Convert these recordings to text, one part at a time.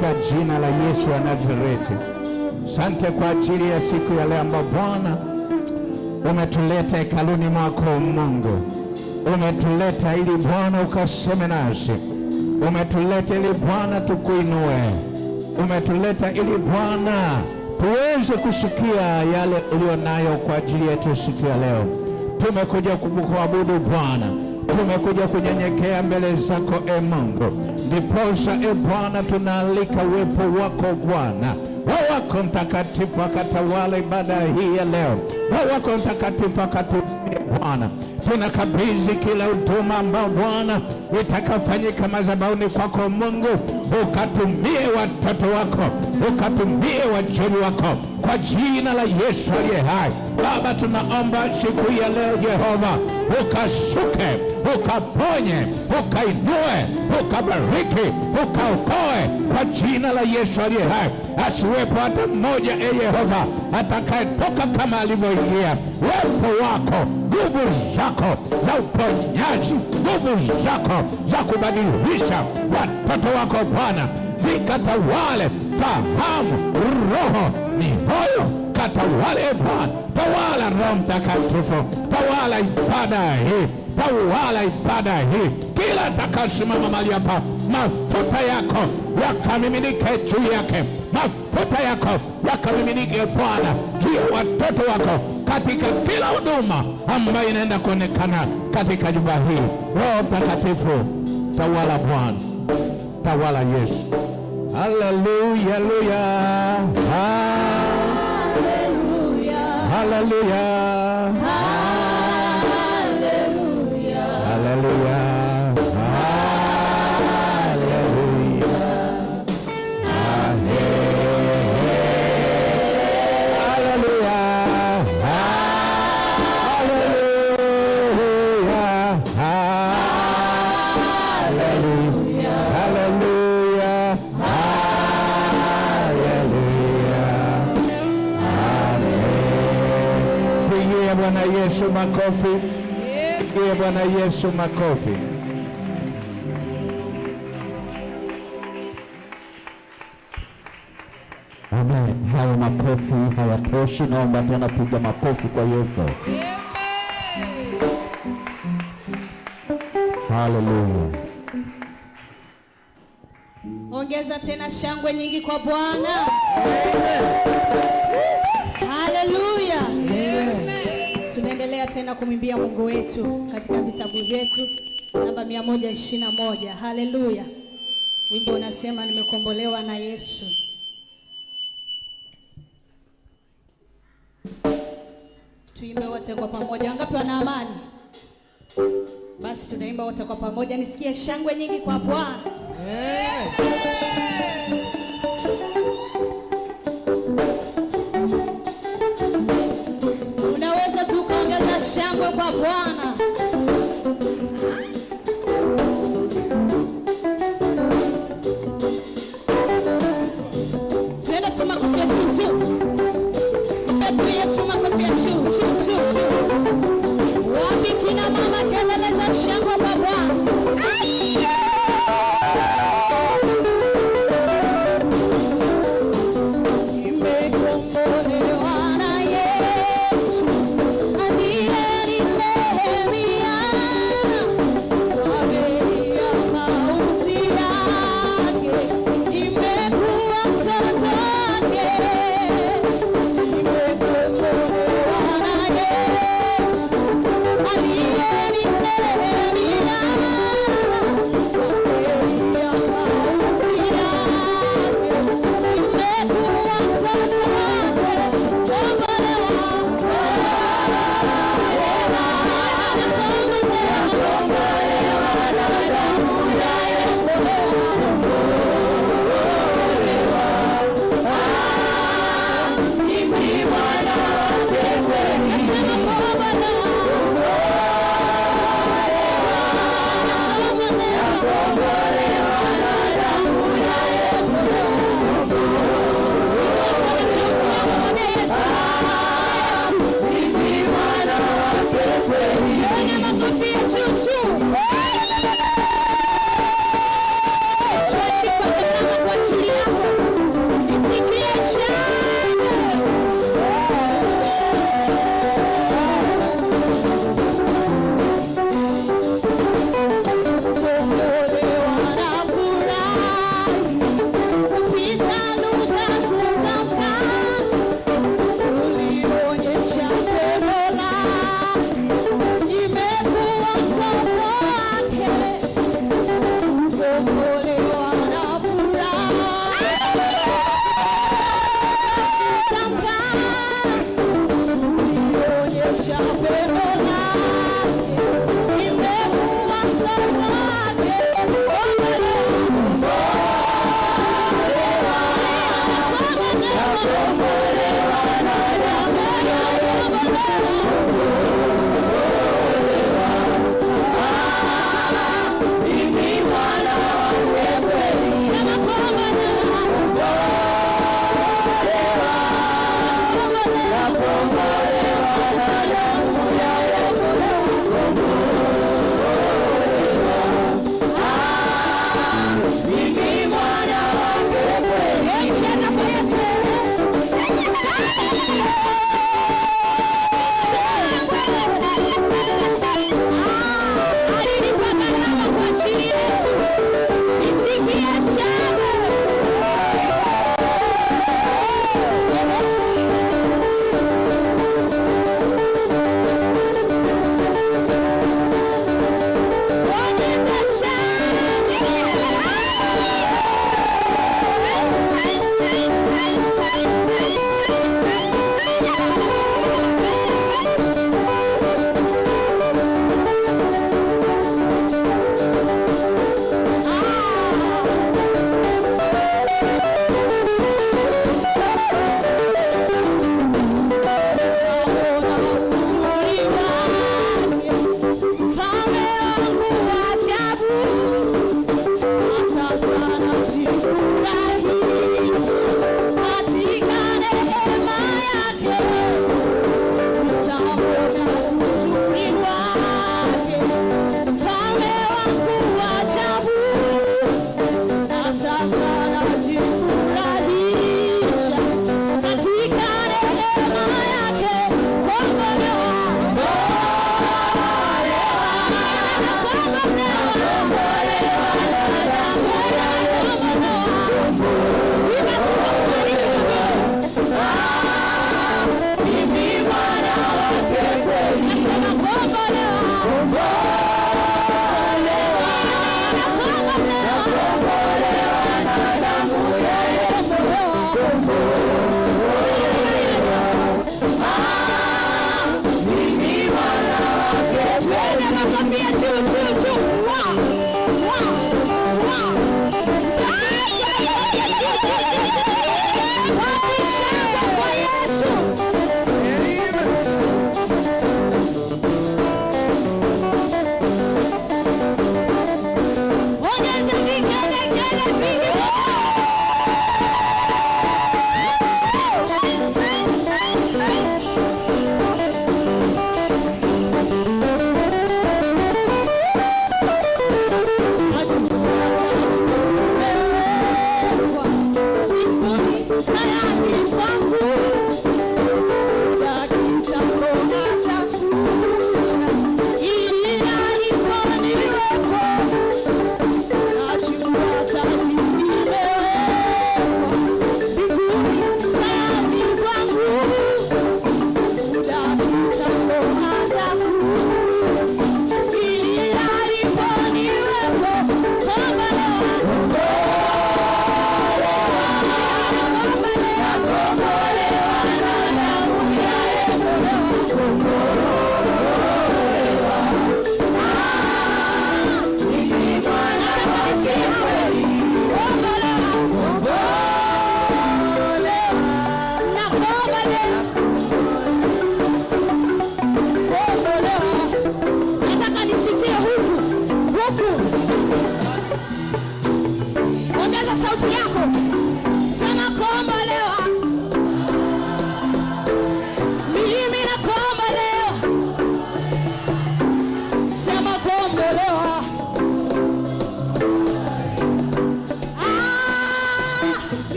katika jina la Yesu wa Nazareti. Sante kwa ajili ya siku ya leo ambapo Bwana umetuleta hekaluni mwako Mungu, umetuleta ili Bwana ukaseme nasi, umetuleta ili Bwana tukuinue, umetuleta ili Bwana tuweze kusikia yale ulio nayo kwa ajili yetu siku ya leo. Tumekuja kukuabudu Bwana, tumekuja kunyenyekea mbele zako e Mungu. Ndiposha e Bwana, tunaalika uwepo wako Bwana, wawako mtakatifu akatawala ibada hii ya leo, wawako mtakatifu akatuie Bwana, tunakabidhi kila utuma ambao Bwana litakafanyika madhabahuni kwako Mungu, ukatumie watoto wako, ukatumie wachori wako kwa jina la Yesu aliye hai. Baba, tunaomba siku ya leo Jehova, ukashuke, ukaponye, ukainue, ukabariki, ukaokoe kwa jina la Yesu aliye hai. Asiwepo hata mmoja, e Yehova, atakayetoka kama alivyoingia. Wepo wako nguvu zako za uponyaji, nguvu zako za kubadilisha watoto wako Bwana, zikatawale fahamu, roho, mioyo, katawale Bwana, tawala Roho Mtakatifu, tawala ibada hii, tawala ibada hii, kila takasimama mahali hapa, mafuta yako yakamiminike juu yake, mafuta yako yakamiminike Bwana juu ya watoto wako katika kila huduma ambayo inaenda kuonekana katika nyumba hii. Roho Mtakatifu, tawala Bwana, tawala Yesu. Haleluya, haleluya, haleluya. Bwana Yesu makofi, pigie Bwana Yesu makofi. Amen. Hayo makofi hayatoshi, naomba tena piga makofi kwa Yesu. Haleluya. Ongeza tena shangwe nyingi kwa Bwana. Amen. Tunaendelea tena kumwimbia Mungu wetu katika vitabu vyetu namba 121. Haleluya. Wimbo unasema nimekombolewa na Yesu. Tuimbe wote kwa pamoja. Wangapi wana amani? Basi tunaimba wote kwa pamoja. Nisikie shangwe nyingi kwa Bwana. Hey. Hey.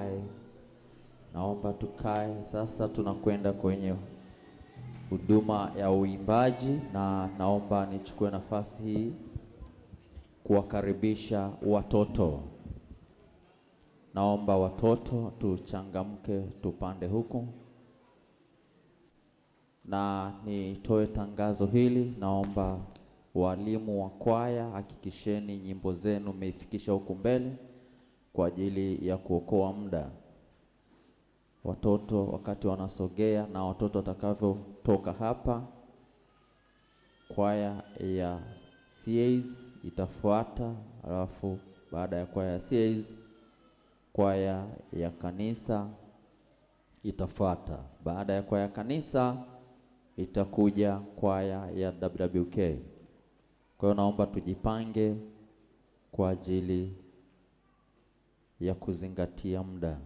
tukae, naomba tukae. Sasa tunakwenda kwenye huduma ya uimbaji, na naomba nichukue nafasi hii kuwakaribisha watoto. Naomba watoto tuchangamke, tupande huku, na nitoe tangazo hili. Naomba walimu wa kwaya, hakikisheni nyimbo zenu mmeifikisha huku mbele kwa ajili ya kuokoa muda watoto wakati wanasogea na watoto watakavyotoka hapa, kwaya ya CAs itafuata, alafu baada ya kwaya ya CAs kwaya ya kanisa itafuata. Baada ya kwaya ya kanisa itakuja kwaya ya WWK. Kwa hiyo naomba tujipange kwa ajili ya kuzingatia muda.